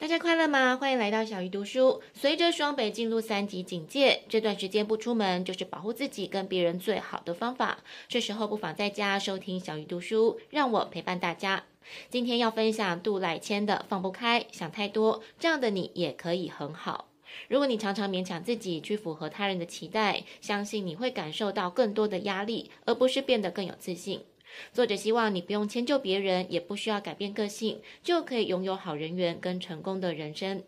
大家快樂嗎？歡迎來到小魚讀書。隨着雙北進入三級警戒，這段時間不出門就是保護自己跟別人最好的方法。這時候不妨在家收聽小魚讀書，讓我陪伴大家。今天要分享渡瀨謙的《放不開，想太多》，這樣的你也可以很好。如果你常常勉強自己去符合他人的期待，相信你會感受到更多的壓力，而不是變得更有自信。作者希望你不用遷就別人，也不需要改變個性，就可以擁有好人緣跟成功的人生。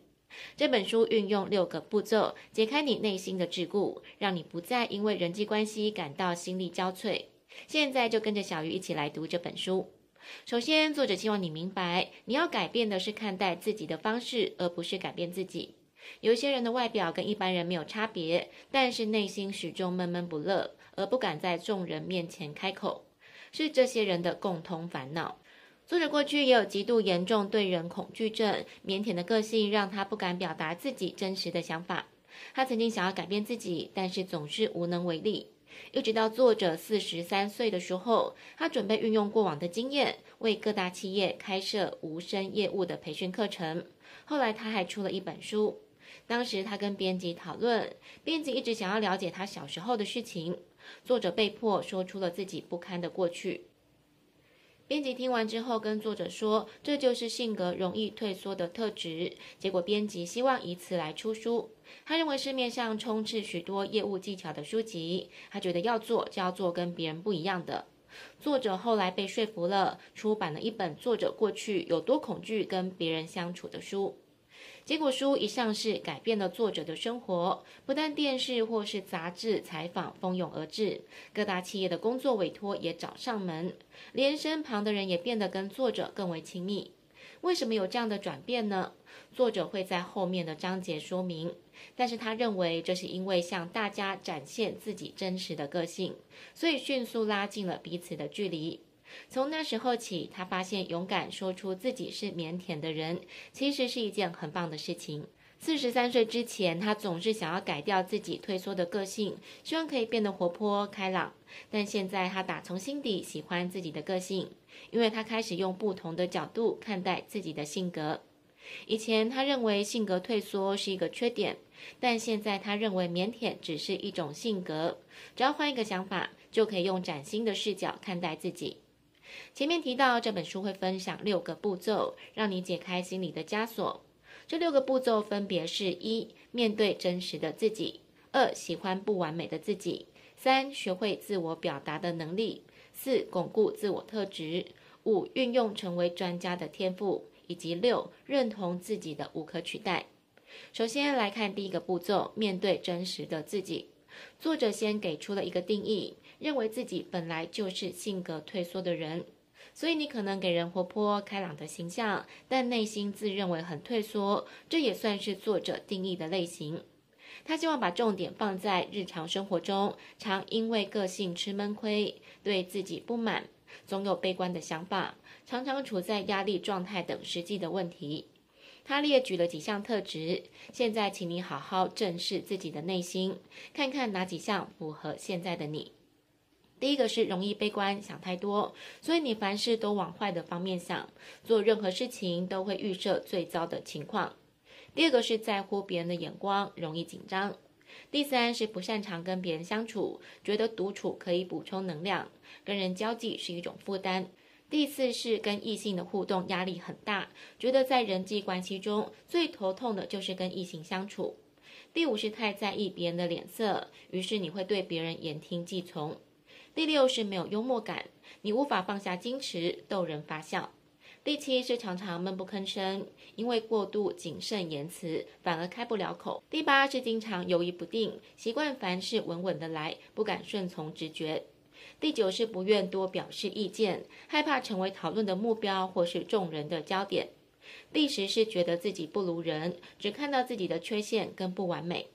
這本書運用六個步驟，解開你內心的桎梏，讓你不再因為人際關係感到心力交瘁。現在就跟着小魚一起來讀這本書。首先，作者希望你明白，你要改變的是看待自己的方式，而不是改變自己。有些人的外表跟一般人沒有差別，但是內心始終悶悶不樂，而不敢在眾人面前開口。是這些人的共同煩惱。作者過去也有極度嚴重對人恐懼症，靦腆的個性讓他不敢表達自己真實的想法。他曾經想要改變自己，但是總是無能為力。一直到作者四十三歲的時候，他準備運用過往的經驗，為各大企業開設無聲業務的培訓課程。後來他還出了一本書。當時他跟編輯討論，編輯一直想要了解他小時候的事情。作者被迫說出了自己不堪的過去。編輯聽完之後跟作者說：“這就是性格容易退縮的特質。”結果編輯希望以此來出書。他認為市面上充斥許多業務技巧的書籍，他覺得要做就要做跟別人不一樣的。作者後來被說服了，出版了一本作者過去有多恐懼跟別人相處的書。結果書一上市，改變了作者的生活。不但電視或是雜誌採訪蜂擁而至，各大企業的工作委托也找上門，連身旁的人也變得跟作者更為親密。為什麼有這樣的轉變呢？作者會在後面的章節說明。但是他認為，這是因為向大家展現自己真實的個性，所以迅速拉近了彼此的距離。從那時候起，他發現勇敢說出自己是腼腆的人，其實是一件很棒的事情。四十三歲之前，他總是想要改掉自己退縮的個性，希望可以變得活潑開朗。但現在他打從心底喜歡自己的個性，因為他開始用不同的角度看待自己的性格。以前他認為性格退縮是一個缺點，但現在他認為腼腆只是一種性格，只要換一個想法，就可以用嶄新的視角看待自己。前面提到，這本書會分享六個步驟，讓你解開心理的枷鎖。這六個步驟分別是：一、面對真實的自己；二、喜歡不完美的自己；三、學會自我表達的能力；四、鞏固自我特質；五、運用成為專家的天賦；以及六、認同自己的無可取代。首先來看第一個步驟：面對真實的自己。作者先給出了一個定義，認為自己本來就是性格退縮的人，所以你可能給人活潑開朗的形象，但內心自認為很退縮，這也算是作者定義的類型。他希望把重點放在日常生活中，常因為個性吃悶虧，對自己不滿，總有悲觀的想法，常常處在壓力狀態等實際的問題。他列舉了幾項特質，現在請你好好正視自己的內心，看看哪幾項符合現在的你。第一個是容易悲觀，想太多，所以你凡事都往壞的方面想，做任何事情都會預設最糟的情況。第二個是在乎別人的眼光，容易緊張。第三是不擅長跟別人相處，覺得獨處可以補充能量，跟人交際是一種負擔。第四是跟異性的互動壓力很大，覺得在人際關係中最頭痛的就是跟異性相處。第五是太在意別人的臉色，於是你會對別人言聽計從。第六是沒有幽默感，你無法放下矜持，逗人發笑。第七是常常悶不吭聲，因為過度謹慎言辭，反而開不了口。第八是經常猶豫不定，習慣凡事穩穩的來，不敢順從直覺。第九是不願多表示意見，害怕成為討論的目標或是眾人的焦點。第十是覺得自己不如人，只看到自己的缺陷跟不完美。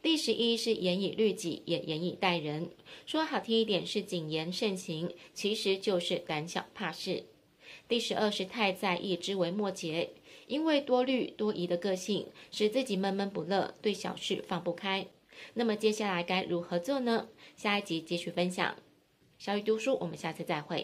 第十一是嚴以律己，也嚴以待人，說好聽一點是謹言慎行，其實就是膽小怕事。第十二是太在意枝微末節，因為多慮多疑的個性，使自己悶悶不樂，對小事放不開。那麼接下來該如何做呢？下一集繼續分享。小魚讀書，我們下次再會。